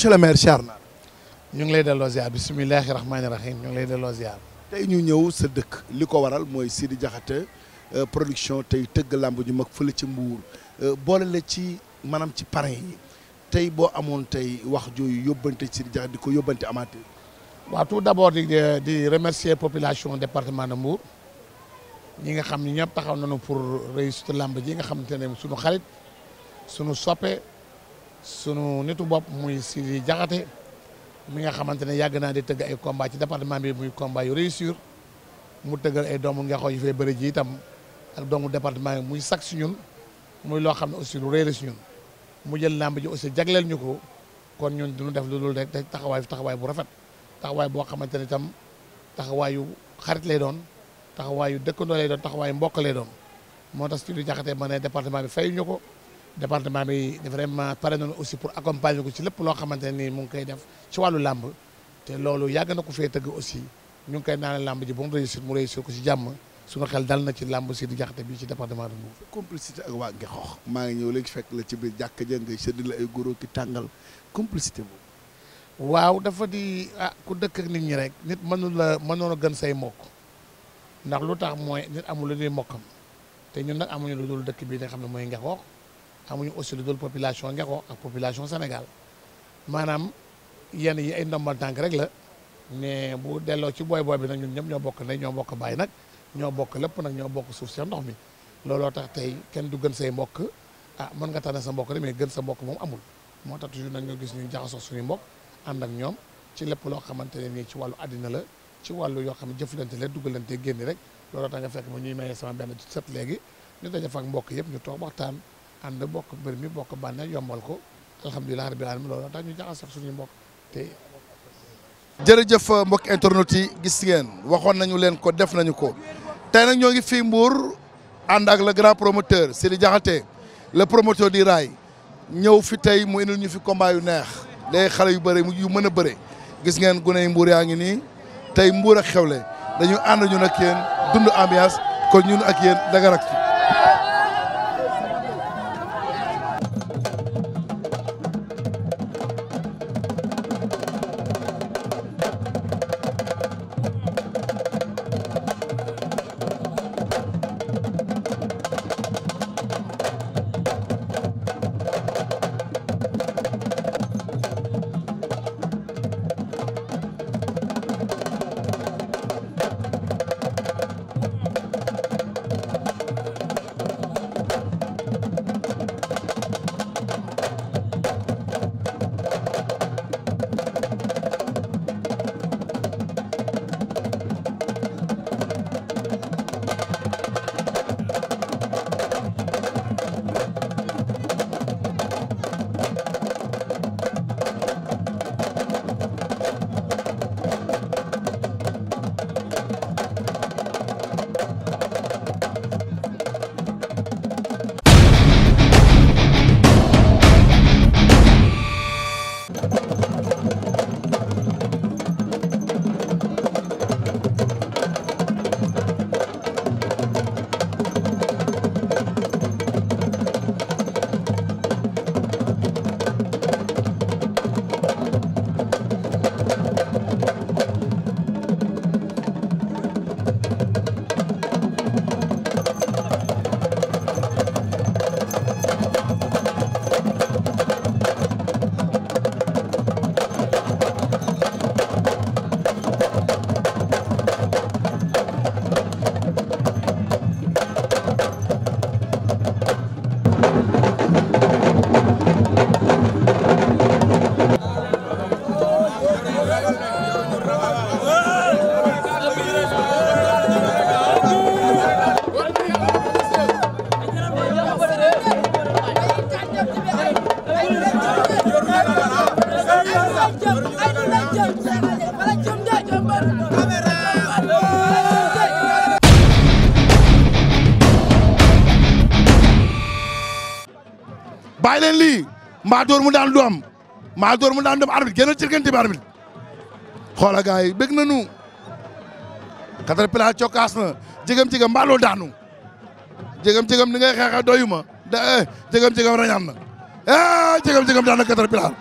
monsieur le maire siyaar naa ñu ngi lay delloo ziar bisimilahi rahmaani rahim ñu ngi lay delloo ziar. tey ñu ñëw sa dëkk li ko waral mooy Sidi Diakhaté euh, production tey tëgg làmb ju mag fële ci Mbour euh, boole la ci maanaam ci parrain yi tey boo amoon tey wax jooyu yóbbante Sidi Diakhaté di ko yóbbante amateur. waaw tout d'abord di di remercier population département de Mbour ñi nga xam ne ñëpp taxaw nañu pour réussite làmb ji nga xamante ne sunu xarit sunu soppe. sunu nitu bopp muy Sidi Diakhaté mi nga xamante ne yàgg naa di tëgg ay combat ci département bi muy combat yu réussir mu tëggal ay doomu ngexoo yu fee bëri ji itam ak doomu département yi muy sax si ñun muy loo xam ne aussi lu rëy si ñun mu jël làmb ji aussi jagleel ñu ko kon ñun duñu def lu dul rek taxawaay taxawaay bu rafet taxawaay boo xamante ne itam taxawaayu xarit lay doon taxawaayu dëkkandoo lay doon taxawaayu mbokk lay doon moo tax Sidi Diakhaté ma ne département bi fayuñu ko. département bi vraiment paré non aussi pour accompagner ko ci lepp lo xamanteni ne nii mu ngi koy def ci walu lamb té lolu yàgg na ko fee tëgg aussi ñu ngi koy naan lamb ji ba mu réussir mu réussir ko ci jamm suñu xel dal na ci lamb ci di jaxate bi ci département de complicité ak waa Ngexoox ma ngi ñëw léegi fekk la ci biir jakk ja ngay sëdd la ay góoroo ki tangal complicité boobu. waaw dafa di ah ku dëkk ak nit ñi rek nit mënu la mënoon gën say mbokk ndax lu tax mooy nit amul lu ñuy mbokkam te ñun nag amuñu lu dul dëkk bi nga xam ne mooy Ngexoox xamuñu aussi lu dul population Ngexo ak population Sénégal maanaam yenn yi ay ndombal tànk rek la mais bu delloo ci booy booy bi nag ñun ñëpp ñoo bokk ndey ñoo bokk baay nag ñoo bokk lépp nag ñoo bokk suuf si ndox mi looloo tax tey kenn du gën say mbokk ah mën nga tànn sa mbokk rek mais gën sa mbokk moom amul moo tax toujours nag nga gis ñu jaxasoo suñuy mbokk ànd ak ñoom ci lépp loo xamante ne nii ci wàllu àddina la ci wàllu yoo xam ne jëflante la dugalante génn rek looloo tax nga fekk ba ñu may sama benn set léegi ñu daje fa mbokk yëpp ñu toog waxtaan ànd bokk mbir mi bokk bànneex yombal ko alhamdulilah rabbil alamin loolu tax ñu jaxas sax suñu mbokk te. jërëjëf euh, mbokk internet yi gis ngeen waxoon nañu leen ko def nañu ko tey nag ñoo ngi fii Mbour ànd ak le grand promoteur Sidi Diakhaté le promoteur di raay ñëw fi tey mu indil ñu fi combat yu neex day xale yu bëri yu mën a bëre gis ngeen gune yi Mbour yaa ngi nii tey Mbour ak xewle dañu ànd ñun ak yéen dund ambiance kon ñun ak yéen daga rak bàyyi leen lii mbaa dóor mu daan du am mbaa dóor mu daan du am arbitre génn cirkante bi arbitre xoola gars yi bëgg nañu Caterpillar cokkaas na jegam jegam mbaa loolu daanu jegam jegam ni ngay xeexe doyuma da eh, jegam jegam rañaan na eh, jegam jegam daan na Caterpillar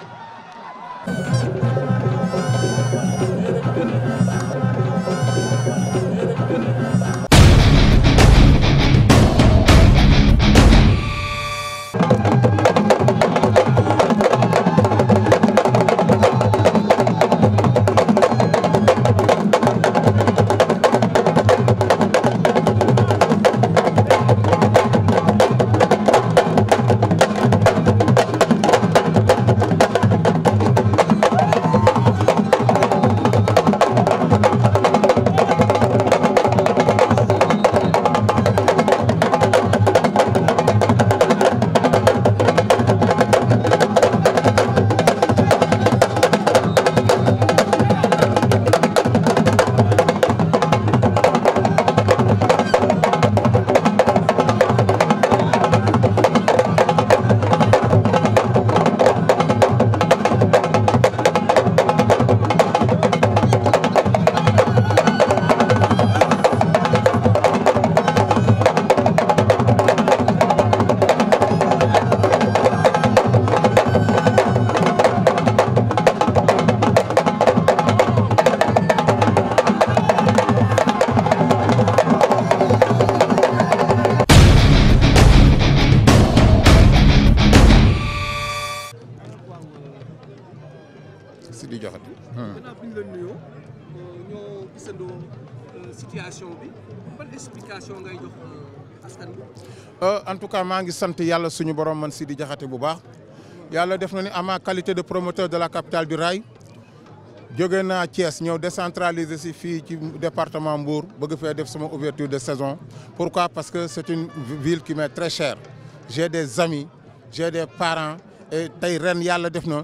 Sidi Diakhaté. Hmm. gannaaw bi ñu la nuyoo euh, ñoo gisandoo euh, situation bi ban explication ngay jox euh, askan bi. en tout cas maa ngi sante Yalla suñu borom man Sidi Diakhaté bu baax Yalla def na ni ama qualité de promoteur de la capitale du rail jóge na Thiès ñeu décentraliser ci fi ci département Mbour bëgg fa def sama ouverture de saison pourquoi parce que c'est une ville qui m'est très chère j'ai des amis j'ai des parents et tay ren Yalla def na.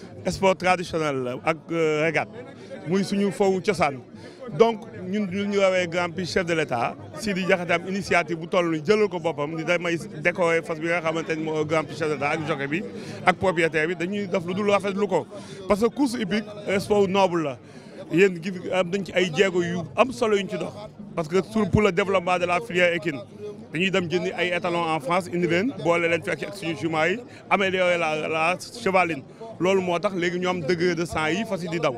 sport traditionnel la ak euh, régate muy suñu foowu cosaan donc ñun lu ñu rawee grand prix chef de l'état Sidi Diakhaté am initiative bu toll ni jëlal ko boppam ni damay décorer fas bi nga xamante moo grand prix chef de l'état ak jockey bi ak propriétaire bi dañuy def lu dul lu ko parce que course hippique euh, sport noble la yéen gi am nañ ci ay jéego yu am solo yuñ ci dox parce que sur pour le développement de la filière équine dañuy dem jëndi ay étalons en France indi leen boole leen fekk ak suñu jument yi améliorer la la chevaline loolu moo tax léegi ñu am degré de sang yi fas yi di daw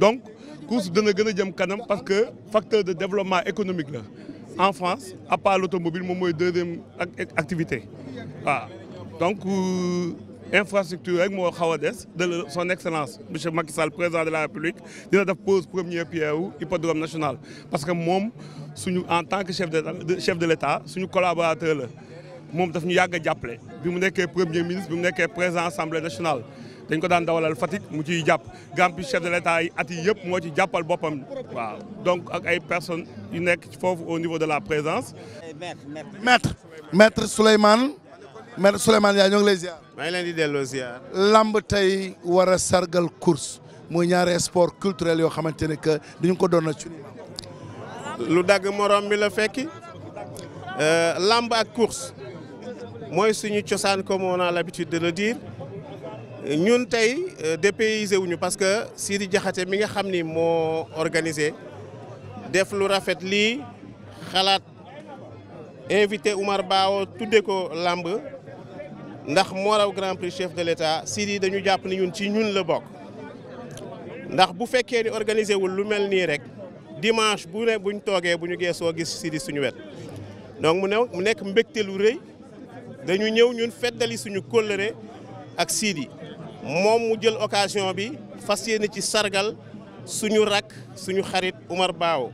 donc course dana gën a jëm kanam parce que facteur de développement économique la en France à part l'automobile moom mooy deuxième activité waaw donc euh, infrastructure rek moi de son excellence monsieur Macky Sall président de la république il a pose première pierre au hippodrome national. parce que nous, en tant que chef de chef de l'état suñu collaborateur tous mom daf ñu bi mu premier ministre bi mu président nationale. dañ ko daan dawalal chef de l'État, yi ci donc ak ay personnes au niveau de la présence. maître maître maître maître Souleymane Ndiaye ñoo ngi lay ziar. maa ngi leen lamb tey war a sargal course mooy ñaari sport culturel yoo xamante ne que duñu ko doon ci lu dagg morom bi la fekk euh, lamb ak course mooy suñu cosaan comme on a l'habitude de le dire ñun tey euh, dépaysé wuñu parce que Sidi Diakhaté mi nga xam ni moo organisé def lu rafet lii xalaat invité Oumar Bao tudde ko lamb. ndax moo raw grand prix chef de l'État Sidi dañu jàpp ni ñun ci ñun la bokk ndax bu fekkee ni organiser wul lu mel nii rek dimanche bu bu ñu toogee bu ñu geesoo gis Sidi suñu wet donc mu ne mu nekk mbégte lu rëy dañu ñëw ñun feddali suñu kóllëre ak Sidi moom mu jël occasion bi fas yéene ci sargal suñu rakk suñu xarit Umar Baaw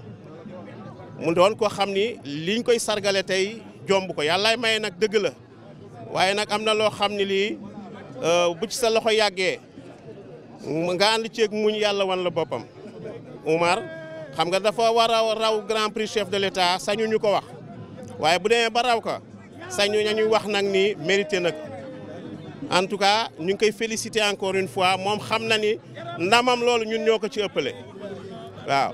mu doon ko xam ni liñ koy sargale tey jomb ko yàllaay maye nag dëgg la waye nak amna lo xamni li euh bu ci sa loxo yagge nga ànd ceeg muñ yalla wan la bopam oumar xam nga dafa war raw grand prix chef de l'État sañu ñu ko wax waye bu demee ba raw ka sañu nañu wax nak ni mérité nak en tout cas ñu ngi koy féliciter encore une fois mom xam na ni ndamam lolu ñun ñoko ci ëppalé waaw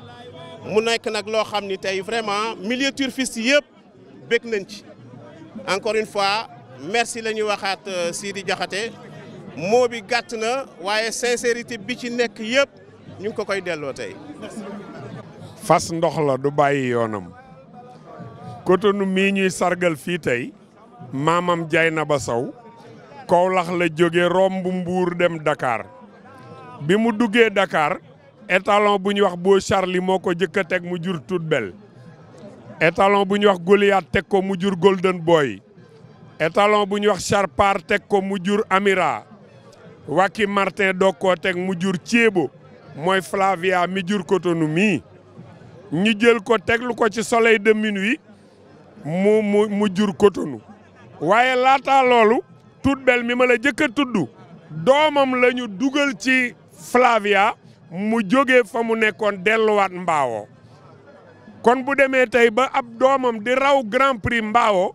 mu nekk nak lo xamni tay vraiment milieu turfiste yëpp bég nañ ci encore une fois merci lañuy waxaat euh, Sidi Diakhaté moo bi gàtt na waaye sincérité bi ci nekk yëpp ñu ko koy delloo tey. fas ndox la du bàyyi yoonam. Cotonou mii ñuy sargal fii tey maamam jaay na ba saw Kawlax la jóge romb Mbuur dem Dakar bi mu duggee Dakar étalon bu ñuy wax Beau Charlie moo ko jëkk a teg mu jur Toute Belle étalon bu ñuy wax Goliath teg ko mu jur Golden Boy étalon bu ñu wax Charpar teg ko mu jur Amira Wacky Martin doog koo teg mu jur Thiébo mooy Flavia mi jur Cotonou mii ñu jël ko teglu ko ci soleil de minuit mu mu jur Cotonou waaye laataa loolu toute belle mi ma la jëkk a tudd doomam la dugal ci Flavia mu jóge fa mu nekkoon delluwaat Mbaawo kon bu demee tey ba ab doomam di raw Grand Prix Mbaawo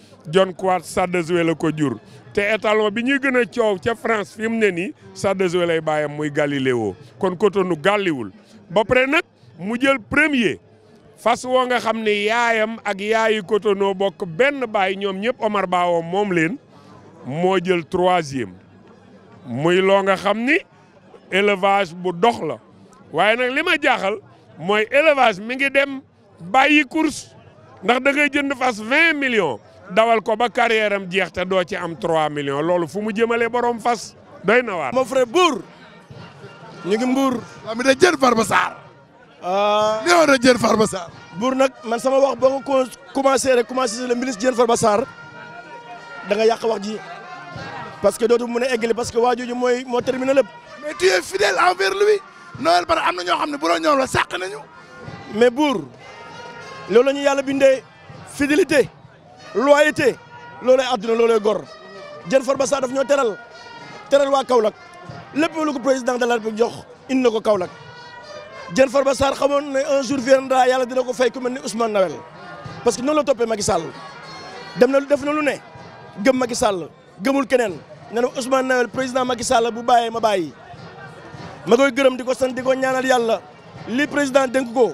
John Kuat Saddezwele ko jur te étalon bi ñuy gën a coow ca France fi mu ne nii Saddezwele lay bàyyam muy Galileo kon Cotonou gàlliwul ba pare nag mu jël premier fas woo nga xam ni yaayam ak yaayu Cotonou bokk benn baay ñoom ñëpp Omar Bawo moom leen moo jël troisième muy loo nga xam ni élevage bu dox la waaye nag li ma jaaxal mooy élevage mi ngi dem bàyyi course ndax da ngay jënd fas vingt millions dawal ko ba carrière am jeex te doo ci am trois millions loolu fu mu jëmale borom fas doy na waa mon frère Bour ñu ngi Mbour. waaw mi da jël Farba Sarr. Euh, nee woon na jël Farba Sarr. Bour nag man sama wax boo ko commencé rek commencé le ministre Diène Farba Sarr da nga yàq wax ji parce que dootu mën a eggale parce que waa jooju mooy moo terminé lépp. mais tu es fidèle envers lui Noël Barra am na ñoo xam ne bu ñoo ñoom la sàq nañu. mais Bour loolu la ñu yàlla bindee fidélité. loyauté lolé aduna lolé gor jeun Farba sa daf ñoo téral téral wa kaolak lepp lu ko président de la République jox inna ko kaolak jeun Farba sa xamone un jour viendra yalla dina ko fay ku melni Ousmane Nawel parce que non la topé Macky Sall dem na def na lu né gem Macky Sall gemul keneen né Ousmane Nawel président Macky Sall bu baye ma baye ma koy gëreum diko sant diko ñaanal yalla li président dénk ko.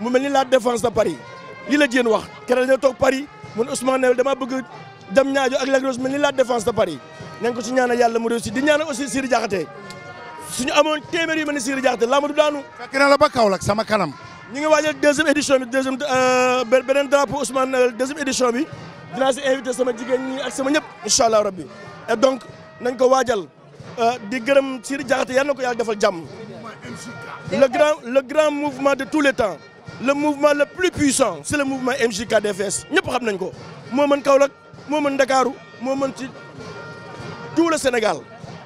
mu mel ni la défense de Paris lii la jéen wax keroog dañoo toog Paris mun Ousmane ne damaa bëgg dem ñaajo ak Lac Rose mel ni la défense de Paris nañ ko su ñaanal yàlla mu réussi di ñaanal aussi Siri Diakhaté ñu amoon téeméer yu mel ni Siri Diakhaté laa du daanu. fekk na la ba Kaolack sama kanam. ñu ngi waajal deuxième édition bi deuxième euh, beneen drapeau Ousmane euh, deuxième édition bi dinaa si invité sama jigéen ñi ak sama ñëpp incha allah rabbi et donc nañ ko waajal euh, di gërëm Siri Diakhaté yal na ko yàlla defal jàmm. le grand le grand mouvement de tous les temps. le mouvement le plus puissant c'est le mouvement MJKDFS Nous xam nañ ko moo mën Kaolack moo mën Ndakaaru ci tout le Sénégal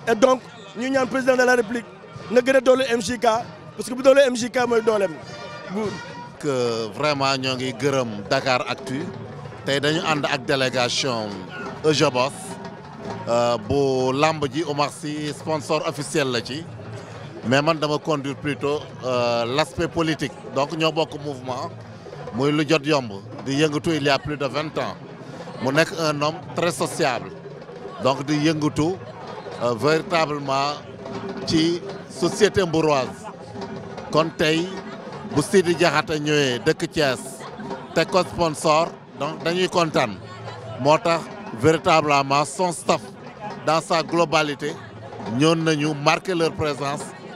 et donc ñu ñaan président de la République na gën le doole MJK parce que bu doole MJK mooy dooleem bu que vraiment sommes dans Dakar Actu nous dañu avec la délégation Ejebaos euh, bu lamb ji Omar Sy sponsor officiel la ci mais man dama conduire plutôt euh, l'aspect politique donc ñoo bokk mouvement moy lu jot yomb di il y a plus de 20 ans mu nek un homme très sociable donc di yëngatu euh, véritablement ci société bourroise. kon tay bu Sidi Diakhaté ñëwee dëkk Thiès té ko sponsor donc dañuy contane motax véritablement son staff dans sa globalité nous nañu marquer leur présence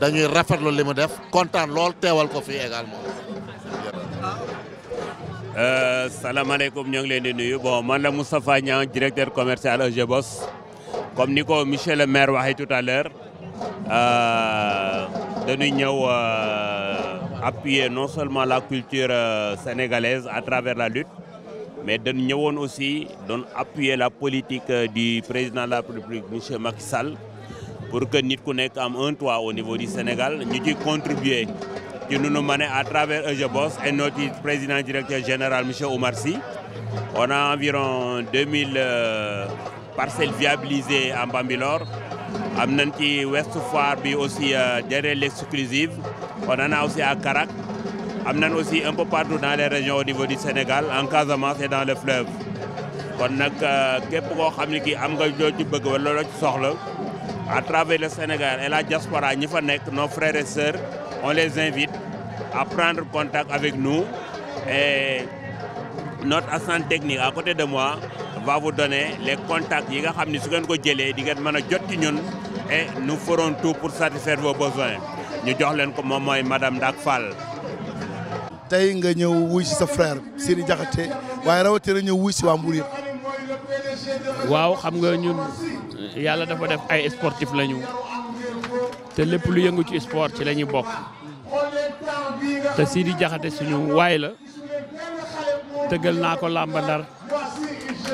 dañuy rafetlu li mu def content lool teewal ko fii également. Euh, salaamaaleykum ñoo ngi leen di nuyu bon man la Moustapha Niang directeur commercial EG Boss comme ni ko le maire waxee tout à l'heure euh, dañuy ñëw euh, appuyer non seulement la culture sénégalaise à travers la lutte mais dañu ñëwoon aussi doon appuyer la politique du président de la République monsieur Macky Sall pour que nous puissions un toit au niveau du Sénégal Nous contribuons. contribuer ci nous à travers boss et notre président directeur général M. Omar Sy on a environ 2000 euh, parcelles viabilisées en Bambilor am nañ ci Ouest Foire aussi euh, derrière l'exclusive on en a aussi à Karak am a aussi un peu partout dans les régions au niveau du Sénégal en Casamance et dans le fleuve On a euh, képp qui am à travers le Sénégal et la diaspora ñi nos frères et sœurs on les invite à prendre contact avec nous et notre assistant technique à côté de moi va vous donner les contacts yi nga et nous ferons tout pour satisfaire vos besoins Nous jox leen ko et madame Dakfal. Nous nga ñëw wuy frère Siri Diakhaté ñëw wuy xam yàlla dafa def ay sportif lañu te lépp lu yëngu ci sport ci la ñuy bokk te Sidi Jaxate suñu waaye la tëggal naa ko làmba Ndar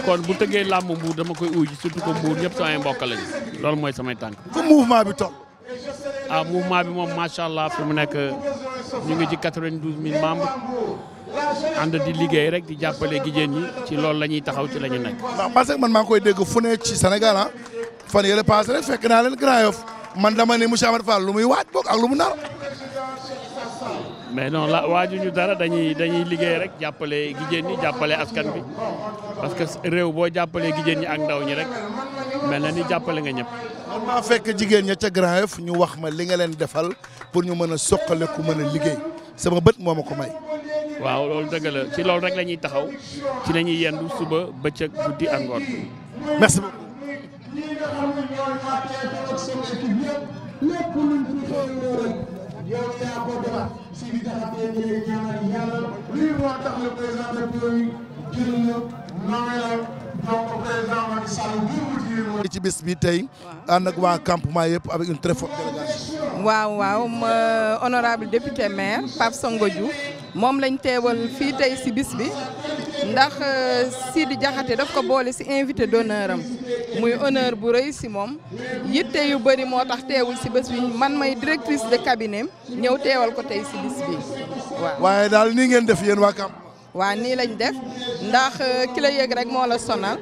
kon bu tëggee làmb mbuur dama koy uuji surtout que mbuur ñëpp samay mbokk lañu loolu mooy samay tànk. fu mouvement bi a ah mouvement bi moom macha allah fi mu nekk ñu ngi ci 92000 membres. ànd di liggéey rek di jàppale jigéen ñi ci loolu la ñuy taxaw ci lañu nekk. ndax parce man maa koy dégg fu ne ci Sénégal ah fan yële passé rek fekk naa leen Grand Yoff man dama ne monsieur Amar Fall lu muy waaj boog ak lu mu nar. mais non la ñu dara dañuy dañuy liggéey rek jàppale jigéen ñi jàppale askan bi parce que réew boo jàppalee jigéen ñi ak ndaw ñi rek mel na ni jàppale nga ñëpp. man fekk jigéen ña ca Grand Yoff ñu wax ma li nga leen defal pour ñu mën a soqale ku mën a liggéey sama bët moo ma ko may. waaw loolu dëgg la ci loolu rek la ñuy taxaw ci na ñuy yendu suba bëccëg guddi ak ngoon nga xam ne ñooy fàtteeku ak sama équipe yëpp lépp luñ fi xëyoo rek yow yaa ko def si li nga xam ne ñu ngi ñaanal yàlla lii moo tax le président de bureau jël na nommé la donc président Macky Sall bi ci bis bi tey ànd ak waa campement yëpp avec une très forte délégation waaw waaw ma honorable député maire Pape Songo Diouf moom lañ teewal fii tey si bis bi ndax euh, Sidi Diakhaté daf ko boole si invité d'honneur am muy honneur bu rëy si moom yitte yu bëri moo tax teewul ci bés bi man may directrice de cabinet ñëw teewal ko tey si bis bi waaw. waaye daal nii ngeen def yéen waa Camp. waa nii lañ def ndax euh, ki la yëg rek moo la sonal.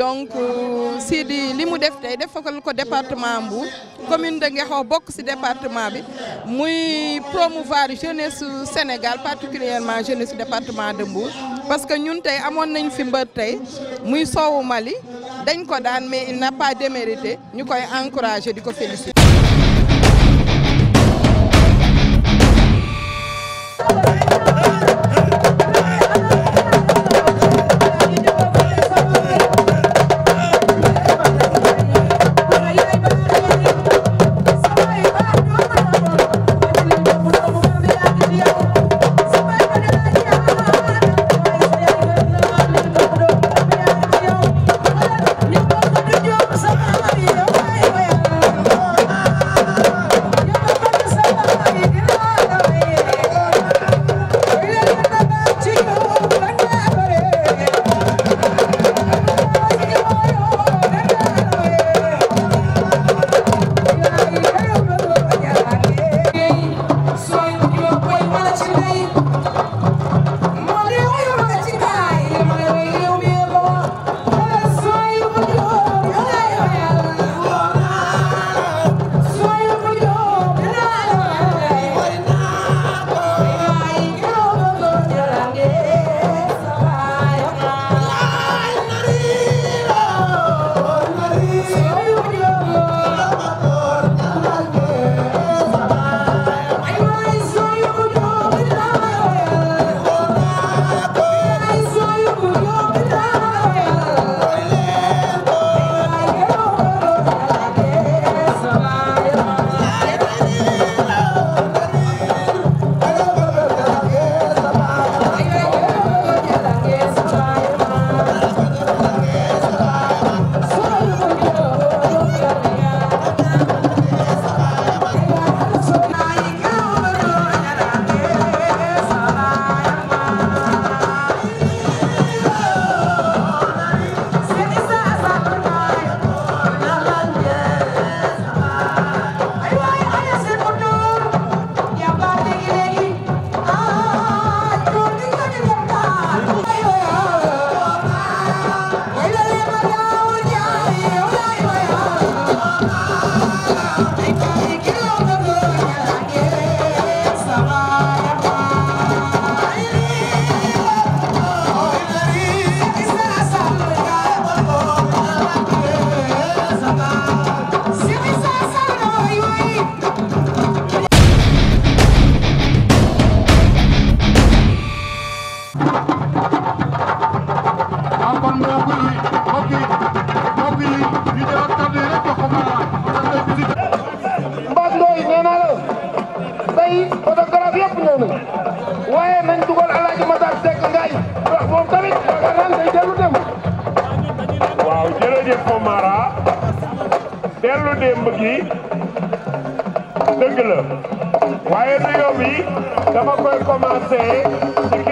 donc euh, Sidi li mu def tay def ko département Mbour commune de Ngexo bok ci département bi muy promouvoir jeunesse Sénégal particulièrement jeunesse département de Mbour parce que ñun tay amoon nañ fi mbeur tay muy sowu Mali dañ ko daan mais il n'a pas démérité Nous koy encourager di ko féliciter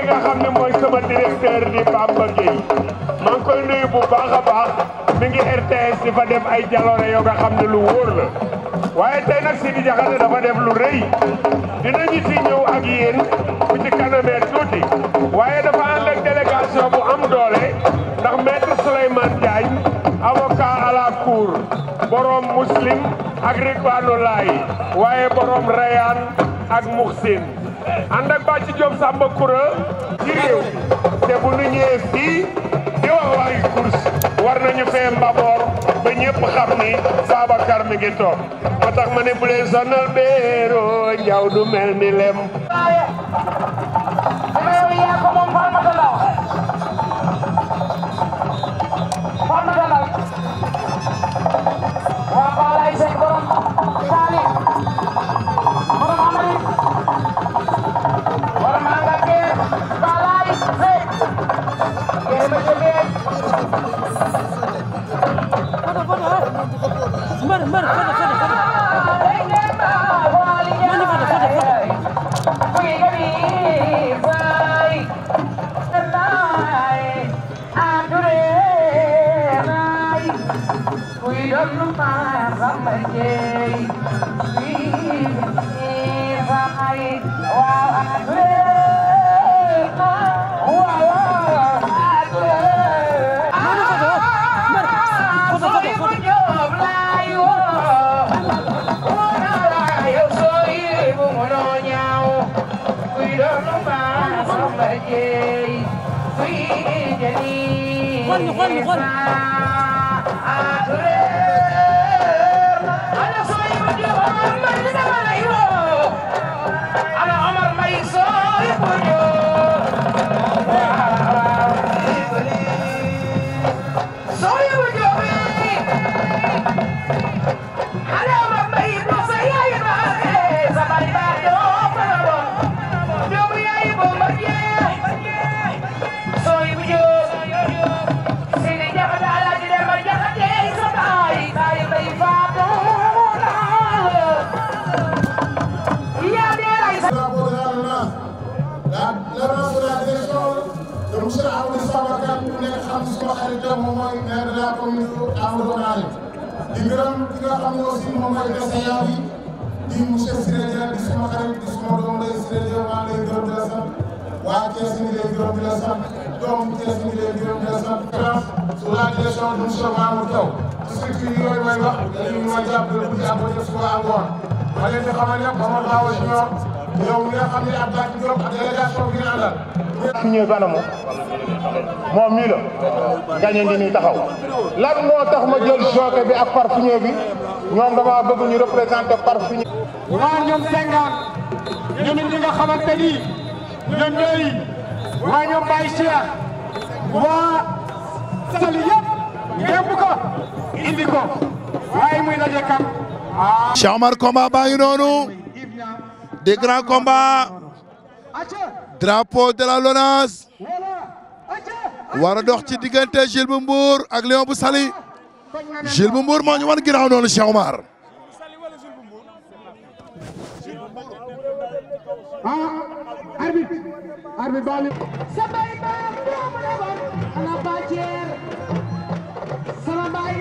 nga xam ne mooy sama directeur di Bamba Gueye maa ngi koy nuyu bu baax a baax mi ngi RTS di fa def ay jaloore yoo nga xam lu wóor la waaye tey nag Sidi Diakhaté dafa def lu rëy dinañu si ñëw ak yéen bu ci kanamee tuuti waaye dafa ànd ak délégation bu am doole eh. ndax maître Souleymane Diagne avocat à la cour borom muslim ak Rikwanu Laay waaye borom Rayaan ak Muxsin ànd ak bàcc Diop Samba Koura ci réew mi te bu ñu ñëwee fii di wax waayu course war nañu fee mbaboor ba ñëpp xam ni Babacar mi ngi toog ba tax ma ne bu leen sonal béeroo njaw du mel ni lem غني غني غني انا صايم اليوم من انا عمر ما يصايب اليوم di aussi moom mooy Gassé Yaby di monsieur Siré Dia di suma xarit di suma doom lay Siré Dia maa ngi lay gërëm di la sant waa Thiès ñu ngi lay gërëm di la sant doomu Thiès ñu ngi lay gërëm di la sant grâce sous la direction de monsieur Mamour Thiaw structure yooyu may wax dañuy ma jàppale bu jàpp def suba ak ngoon ma leen di xamal ne Omar Bawa Junior yow mi nga xam ne ak Backe Diop ak délégation bi ngeen àndal fi ñëw kanamu moom mii la gañe ngi nii taxaw lan moo tax ma jël joke bi ak parfumé bi ñoom dama bëgg ñu représenté par suñu. waaw ñoom Senghane ñoom it ñi nga ñoom ñooy waa ñoom Baye Cheikh waa Sali yëpp yëpp ko indi ko muy daje kam. ah. Cheikh Omar combat noonu des grands combats drapeau de la LONASE war dox ci diggante Jules bu ak Lion bu Sali. Jules bu Mbour moo ñu wan ginnaaw noonu Cheikh Omar.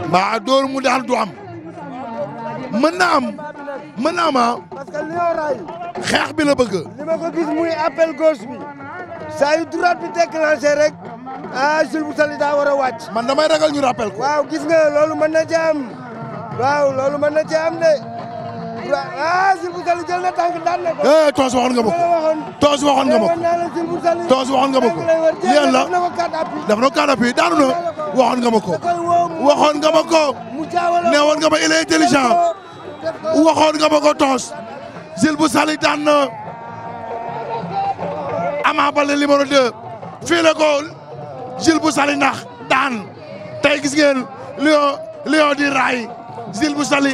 mbaa dóor mu daal du am mën na am mën na am ah. parce que lion xeex bi la bëgg li ma ko gis muy appel gauche bi saa yu droite bi déclenché rek ah a wàcc. man damay ragal ñu rappel ko. gis nga loolu mën na ci am waaw loolu mën na ci am de ah Jules jël na tànk daan na ko. Eh, toos waxoon nga ma ko toos waxoon nga ma ko toos waxoon nga ma ko. yéen la daf na kàddu daanu na waxoon nga ma ko. waxoon nga ma ko ne woon nga ma il est intelligent waxoon nga ma ko toos Jules Bouteille daan na Ama Baldé numéro 2 fii la ko. Jules bu sali nax daan tey gis ngeen Lion Lion di raay Jules bu sali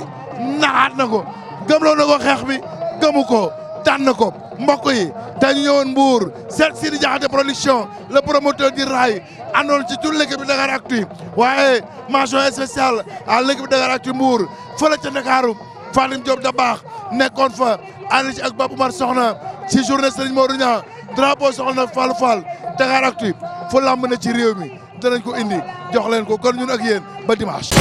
naxaat na ko gëmloo na ko xeex bi gëmu ko daan na ko mbok yi tey ñu ñëwoon Mbour seet Sidi Diakhaté production le promoteur di raay àndoon ci toute l'équipe Dakaractu waaye mention spéciale à l'équipe Dakaractu Mbour fële ca Ndakaaru Fatim Diop da baax nekkoon fa ànd ci ak Babou Mar Soxna ci journée Serigne Modou Niang drapeau Soxna Fall Fall Dakaractu fu làmb ne ci réew mi danañ ko indi jox leen ko kon ñun ak yéen ba dimanche.